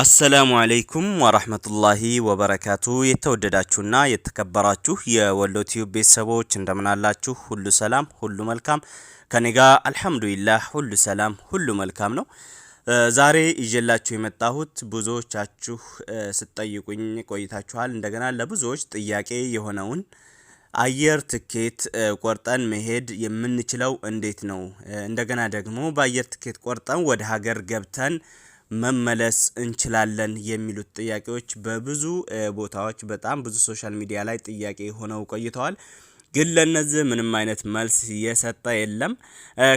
አሰላሙ አለይኩም ወራህመቱላሂ ወበረካቱ። የተወደዳችሁና የተከበራችሁ የወሎ ቲዩብ ቤተሰቦች እንደምናላችሁ፣ ሁሉ ሰላም፣ ሁሉ መልካም ከኔ ጋ አልሐምዱሊላህ፣ ሁሉ ሰላም፣ ሁሉ መልካም ነው። ዛሬ ይዤላችሁ የመጣሁት ብዙዎቻችሁ ስትጠይቁኝ ቆይታችኋል። እንደገና ለብዙዎች ጥያቄ የሆነውን አየር ትኬት ቆርጠን መሄድ የምንችለው እንዴት ነው? እንደገና ደግሞ በአየር ትኬት ቆርጠን ወደ ሀገር ገብተን መመለስ እንችላለን የሚሉት ጥያቄዎች በብዙ ቦታዎች በጣም ብዙ ሶሻል ሚዲያ ላይ ጥያቄ ሆነው ቆይተዋል። ግን ለነዚህ ምንም አይነት መልስ የሰጠ የለም።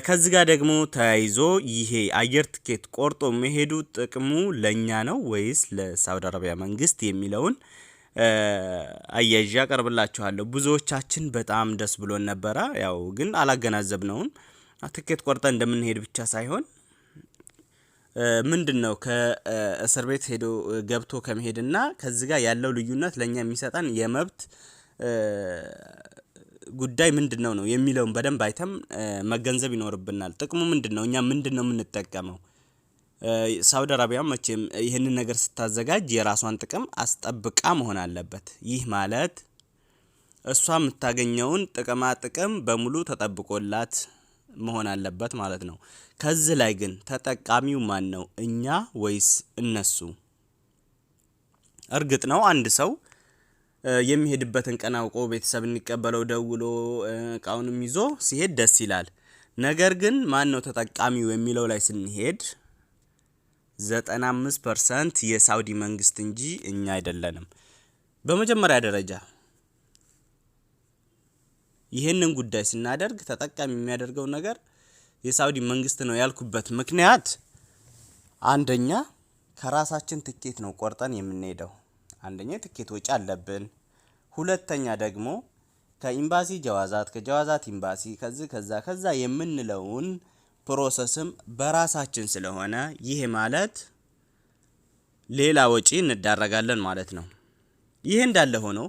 ከዚህ ጋር ደግሞ ተያይዞ ይሄ አየር ትኬት ቆርጦ መሄዱ ጥቅሙ ለእኛ ነው ወይስ ለሳውዲ አረቢያ መንግስት የሚለውን አያይዤ አቀርብላችኋለሁ። ብዙዎቻችን በጣም ደስ ብሎን ነበረ። ያው ግን አላገናዘብነውም። ትኬት ቆርጠን እንደምንሄድ ብቻ ሳይሆን ምንድን ነው ከእስር ቤት ሄዶ ገብቶ ከመሄድና ከዚህ ጋር ያለው ልዩነት ለእኛ የሚሰጠን የመብት ጉዳይ ምንድን ነው ነው የሚለውን በደንብ አይተም መገንዘብ ይኖርብናል። ጥቅሙ ምንድን ነው? እኛ ምንድን ነው የምንጠቀመው? ሳውዲ አረቢያ መቼም ይህንን ነገር ስታዘጋጅ የራሷን ጥቅም አስጠብቃ መሆን አለበት። ይህ ማለት እሷ የምታገኘውን ጥቅማ ጥቅም በሙሉ ተጠብቆላት መሆን አለበት ማለት ነው። ከዚህ ላይ ግን ተጠቃሚው ማን ነው? እኛ ወይስ እነሱ? እርግጥ ነው አንድ ሰው የሚሄድበትን ቀን አውቆ ቤተሰብ እንቀበለው ደውሎ እቃውንም ይዞ ሲሄድ ደስ ይላል። ነገር ግን ማን ነው ተጠቃሚው የሚለው ላይ ስንሄድ 95 ፐርሰንት የሳውዲ መንግስት እንጂ እኛ አይደለንም። በመጀመሪያ ደረጃ ይህንን ጉዳይ ስናደርግ ተጠቃሚ የሚያደርገው ነገር የሳውዲ መንግስት ነው ያልኩበት ምክንያት አንደኛ ከራሳችን ትኬት ነው ቆርጠን የምንሄደው። አንደኛ ትኬት ወጪ አለብን። ሁለተኛ ደግሞ ከኢምባሲ ጀዋዛት፣ ከጀዋዛት ኢምባሲ፣ ከዚህ ከዛ ከዛ የምንለውን ፕሮሰስም በራሳችን ስለሆነ ይሄ ማለት ሌላ ወጪ እንዳረጋለን ማለት ነው። ይሄ እንዳለ ሆኖ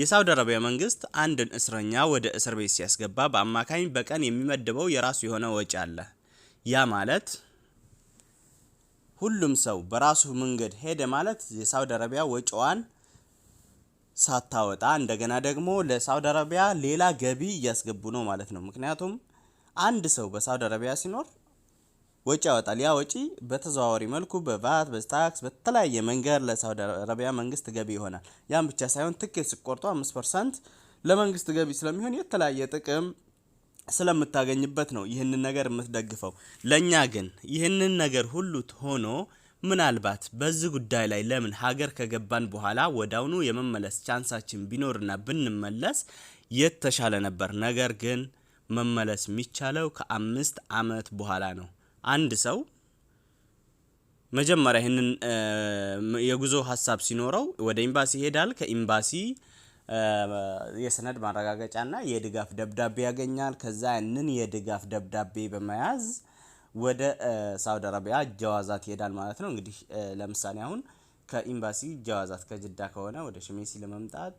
የሳውዲ አረቢያ መንግስት አንድን እስረኛ ወደ እስር ቤት ሲያስገባ በአማካኝ በቀን የሚመድበው የራሱ የሆነ ወጪ አለ። ያ ማለት ሁሉም ሰው በራሱ መንገድ ሄደ ማለት የሳውዲ አረቢያ ወጪዋን ሳታወጣ እንደገና ደግሞ ለሳውዲ አረቢያ ሌላ ገቢ እያስገቡ ነው ማለት ነው። ምክንያቱም አንድ ሰው በሳውዲ አረቢያ ሲኖር ወጪ ያወጣል። ያ ወጪ በተዘዋዋሪ መልኩ በቫት በስታክስ በተለያየ መንገድ ለሳውዲ አረቢያ መንግስት ገቢ ይሆናል። ያም ብቻ ሳይሆን ትኬት ሲቆርጡ አምስት ፐርሰንት ለመንግስት ገቢ ስለሚሆን የተለያየ ጥቅም ስለምታገኝበት ነው ይህንን ነገር የምትደግፈው። ለእኛ ግን ይህንን ነገር ሁሉ ሆኖ ምናልባት በዚህ ጉዳይ ላይ ለምን ሀገር ከገባን በኋላ ወዳውኑ የመመለስ ቻንሳችን ቢኖርና ብንመለስ የተሻለ ነበር። ነገር ግን መመለስ የሚቻለው ከአምስት ዓመት በኋላ ነው። አንድ ሰው መጀመሪያ ይህንን የጉዞ ሀሳብ ሲኖረው ወደ ኤምባሲ ይሄዳል። ከኤምባሲ የሰነድ ማረጋገጫና የድጋፍ ደብዳቤ ያገኛል። ከዛ ያንን የድጋፍ ደብዳቤ በመያዝ ወደ ሳውዲ አረቢያ ጀዋዛት ይሄዳል ማለት ነው። እንግዲህ ለምሳሌ አሁን ከኤምባሲ ጀዋዛት ከጅዳ ከሆነ ወደ ሽሜሲ ለመምጣት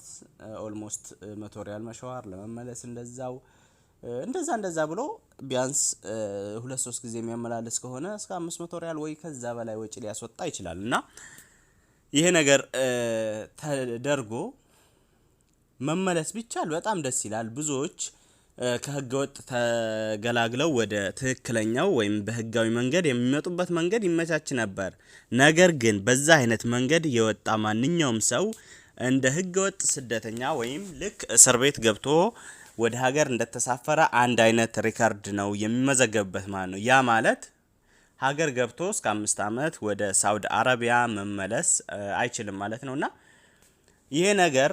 ኦልሞስት መቶ ሪያል መሸዋር ለመመለስ እንደዛው እንደዛ እንደዛ ብሎ ቢያንስ ሁለት ሶስት ጊዜ የሚያመላልስ ከሆነ እስከ አምስት መቶ ሪያል ወይ ከዛ በላይ ወጪ ሊያስወጣ ይችላል እና ይሄ ነገር ተደርጎ መመለስ ቢቻል በጣም ደስ ይላል። ብዙዎች ከህገወጥ ተገላግለው ወደ ትክክለኛው ወይም በህጋዊ መንገድ የሚመጡበት መንገድ ይመቻች ነበር። ነገር ግን በዛ አይነት መንገድ የወጣ ማንኛውም ሰው እንደ ህገወጥ ስደተኛ ወይም ልክ እስር ቤት ገብቶ ወደ ሀገር እንደተሳፈረ አንድ አይነት ሪከርድ ነው የሚመዘገብበት ማለት ነው። ያ ማለት ሀገር ገብቶ እስከ አምስት ዓመት ወደ ሳውዲ አረቢያ መመለስ አይችልም ማለት ነው እና ይሄ ነገር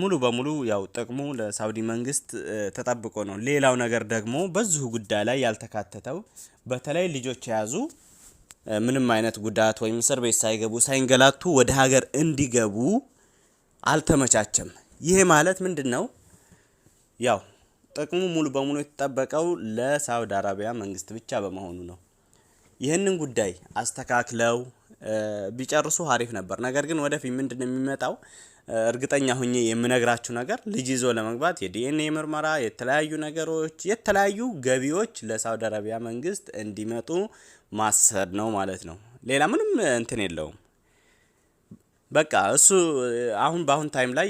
ሙሉ በሙሉ ያው ጥቅሙ ለሳውዲ መንግስት ተጠብቆ ነው። ሌላው ነገር ደግሞ በዚሁ ጉዳይ ላይ ያልተካተተው በተለይ ልጆች የያዙ ምንም አይነት ጉዳት ወይም እስር ቤት ሳይገቡ ሳይንገላቱ ወደ ሀገር እንዲገቡ አልተመቻቸም። ይሄ ማለት ምንድን ነው? ያው ጥቅሙ ሙሉ በሙሉ የተጠበቀው ለሳውዲ አረቢያ መንግስት ብቻ በመሆኑ ነው። ይህንን ጉዳይ አስተካክለው ቢጨርሱ አሪፍ ነበር። ነገር ግን ወደፊት ምንድን ነው የሚመጣው? እርግጠኛ ሁኜ የምነግራችሁ ነገር ልጅ ይዞ ለመግባት የዲኤንኤ ምርመራ፣ የተለያዩ ነገሮች፣ የተለያዩ ገቢዎች ለሳውዲ አረቢያ መንግስት እንዲመጡ ማሰድ ነው ማለት ነው። ሌላ ምንም እንትን የለውም። በቃ እሱ አሁን በአሁን ታይም ላይ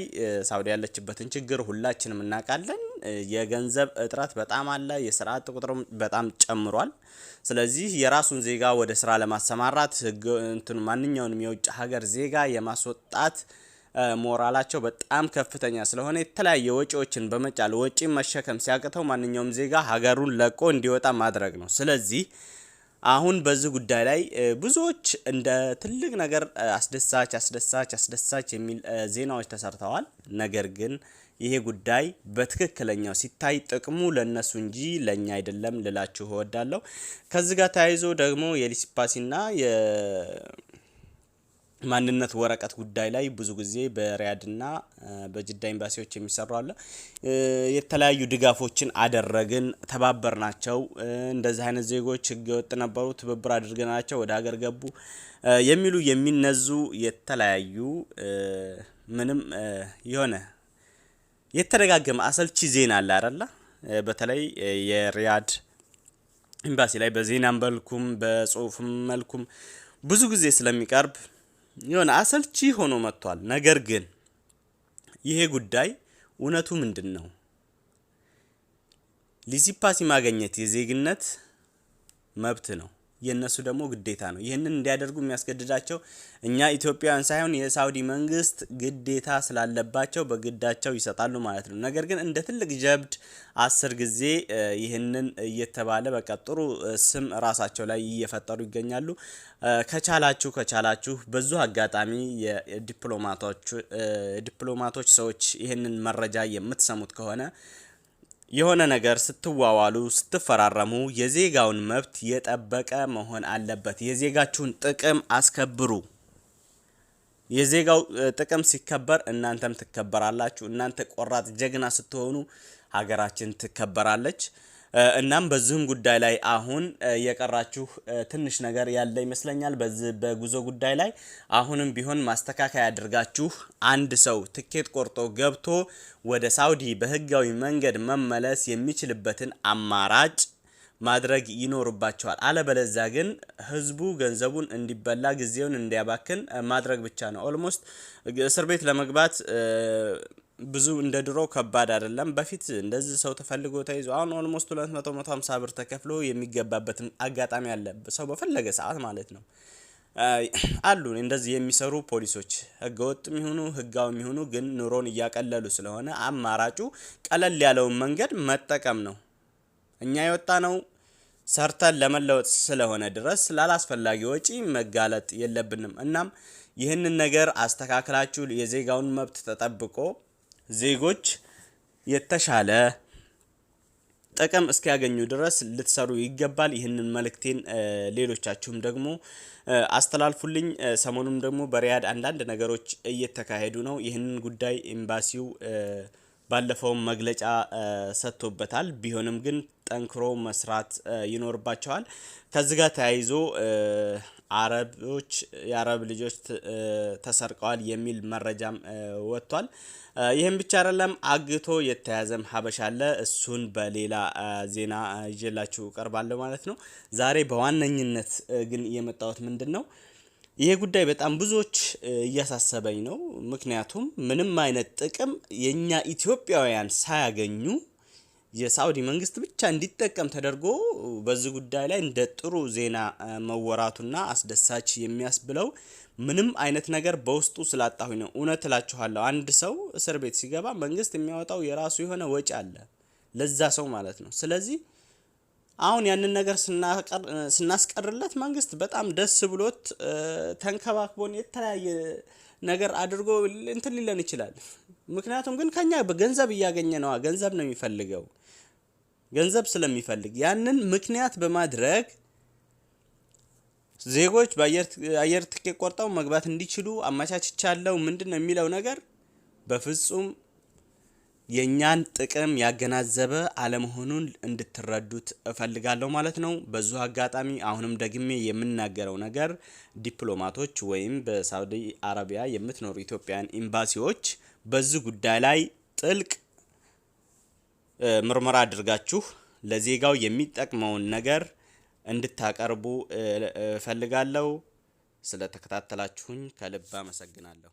ሳውዲ ያለችበትን ችግር ሁላችንም እናውቃለን። የገንዘብ እጥረት በጣም አለ። የስራ አጥ ቁጥርም በጣም ጨምሯል። ስለዚህ የራሱን ዜጋ ወደ ስራ ለማሰማራት እንትን ማንኛውንም የውጭ ሀገር ዜጋ የማስወጣት ሞራላቸው በጣም ከፍተኛ ስለሆነ የተለያየ ወጪዎችን በመጫል ወጪ መሸከም ሲያቅተው ማንኛውም ዜጋ ሀገሩን ለቆ እንዲወጣ ማድረግ ነው። ስለዚህ አሁን በዚህ ጉዳይ ላይ ብዙዎች እንደ ትልቅ ነገር አስደሳች አስደሳች አስደሳች የሚል ዜናዎች ተሰርተዋል። ነገር ግን ይሄ ጉዳይ በትክክለኛው ሲታይ ጥቅሙ ለእነሱ እንጂ ለእኛ አይደለም ልላችሁ እወዳለሁ። ከዚህ ጋር ተያይዞ ደግሞ የሊሲፓሲና ማንነት ወረቀት ጉዳይ ላይ ብዙ ጊዜ በሪያድና በጅዳ ኤምባሲዎች የሚሰሩ አለ። የተለያዩ ድጋፎችን አደረግን፣ ተባበር ናቸው። እንደዚህ አይነት ዜጎች ህገ ወጥ ነበሩ፣ ትብብር አድርገናቸው ወደ ሀገር ገቡ የሚሉ የሚነዙ የተለያዩ ምንም የሆነ የተደጋገመ አሰልቺ ዜና አለ አይደለ? በተለይ የሪያድ ኤምባሲ ላይ በዜና መልኩም በጽሁፍም መልኩም ብዙ ጊዜ ስለሚቀርብ የሆነ አሰልቺ ሆኖ መጥቷል። ነገር ግን ይሄ ጉዳይ እውነቱ ምንድን ነው? ሊሲፓሲ ማግኘት የዜግነት መብት ነው። የእነሱ ደግሞ ግዴታ ነው። ይህንን እንዲያደርጉ የሚያስገድዳቸው እኛ ኢትዮጵያውያን ሳይሆን የሳውዲ መንግስት ግዴታ ስላለባቸው በግዳቸው ይሰጣሉ ማለት ነው። ነገር ግን እንደ ትልቅ ጀብድ አስር ጊዜ ይህንን እየተባለ በቃ ጥሩ ስም ራሳቸው ላይ እየፈጠሩ ይገኛሉ። ከቻላችሁ ከቻላችሁ ብዙ አጋጣሚ የዲፕሎማቶች ሰዎች ይህንን መረጃ የምትሰሙት ከሆነ የሆነ ነገር ስትዋዋሉ ስትፈራረሙ የዜጋውን መብት የጠበቀ መሆን አለበት። የዜጋችሁን ጥቅም አስከብሩ። የዜጋው ጥቅም ሲከበር እናንተም ትከበራላችሁ። እናንተ ቆራጥ ጀግና ስትሆኑ ሀገራችን ትከበራለች። እናም በዚህም ጉዳይ ላይ አሁን የቀራችሁ ትንሽ ነገር ያለ ይመስለኛል። በዚህ በጉዞ ጉዳይ ላይ አሁንም ቢሆን ማስተካከያ አድርጋችሁ አንድ ሰው ትኬት ቆርጦ ገብቶ ወደ ሳውዲ በህጋዊ መንገድ መመለስ የሚችልበትን አማራጭ ማድረግ ይኖርባቸዋል። አለበለዚያ ግን ህዝቡ ገንዘቡን እንዲበላ ጊዜውን እንዲያባክን ማድረግ ብቻ ነው። ኦልሞስት እስር ቤት ለመግባት ብዙ እንደ ድሮ ከባድ አይደለም። በፊት እንደዚህ ሰው ተፈልጎ ተይዞ አሁን ኦልሞስት 250 ብር ተከፍሎ የሚገባበትን አጋጣሚ አለ። ሰው በፈለገ ሰዓት ማለት ነው። አሉ እንደዚህ የሚሰሩ ፖሊሶች ህገወጥ የሚሆኑ ህጋዊ የሚሆኑ ግን ኑሮን እያቀለሉ ስለሆነ አማራጩ ቀለል ያለውን መንገድ መጠቀም ነው። እኛ የወጣ ነው ሰርተን ለመለወጥ ስለሆነ ድረስ ላላስፈላጊ ወጪ መጋለጥ የለብንም። እናም ይህንን ነገር አስተካክላችሁ የዜጋውን መብት ተጠብቆ ዜጎች የተሻለ ጥቅም እስኪያገኙ ድረስ ልትሰሩ ይገባል። ይህንን መልእክቴን ሌሎቻችሁም ደግሞ አስተላልፉልኝ። ሰሞኑም ደግሞ በሪያድ አንዳንድ ነገሮች እየተካሄዱ ነው። ይህንን ጉዳይ ኤምባሲው ባለፈውም መግለጫ ሰጥቶበታል። ቢሆንም ግን ጠንክሮ መስራት ይኖርባቸዋል። ከዚህ ጋር ተያይዞ አረቦች የአረብ ልጆች ተሰርቀዋል የሚል መረጃም ወጥቷል። ይህም ብቻ አይደለም፣ አግቶ የተያዘም ሀበሻ አለ። እሱን በሌላ ዜና ይዤላችሁ እቀርባለሁ ማለት ነው። ዛሬ በዋነኝነት ግን የመጣሁት ምንድን ነው? ይሄ ጉዳይ በጣም ብዙዎች እያሳሰበኝ ነው። ምክንያቱም ምንም አይነት ጥቅም የእኛ ኢትዮጵያውያን ሳያገኙ የሳውዲ መንግስት ብቻ እንዲጠቀም ተደርጎ በዚህ ጉዳይ ላይ እንደ ጥሩ ዜና መወራቱና አስደሳች የሚያስብለው ምንም አይነት ነገር በውስጡ ስላጣሁ ነው። እውነት እላችኋለሁ፣ አንድ ሰው እስር ቤት ሲገባ መንግስት የሚያወጣው የራሱ የሆነ ወጪ አለ፣ ለዛ ሰው ማለት ነው። ስለዚህ አሁን ያንን ነገር ስናስቀርለት መንግስት በጣም ደስ ብሎት ተንከባክቦን የተለያየ ነገር አድርጎ እንትን ሊለን ይችላል። ምክንያቱም ግን ከኛ በገንዘብ እያገኘ ነዋ፣ ገንዘብ ነው የሚፈልገው። ገንዘብ ስለሚፈልግ ያንን ምክንያት በማድረግ ዜጎች በአየር ትኬት ቆርጠው መግባት እንዲችሉ አመቻችቻለሁ ምንድን ነው የሚለው ነገር በፍጹም የእኛን ጥቅም ያገናዘበ አለመሆኑን እንድትረዱት እፈልጋለሁ ማለት ነው። በዙ አጋጣሚ አሁንም ደግሜ የምናገረው ነገር ዲፕሎማቶች ወይም በሳውዲ አረቢያ የምትኖሩ ኢትዮጵያን ኤምባሲዎች በዚህ ጉዳይ ላይ ጥልቅ ምርመራ አድርጋችሁ ለዜጋው የሚጠቅመውን ነገር እንድታቀርቡ እፈልጋለሁ። ስለተከታተላችሁኝ ከልብ አመሰግናለሁ።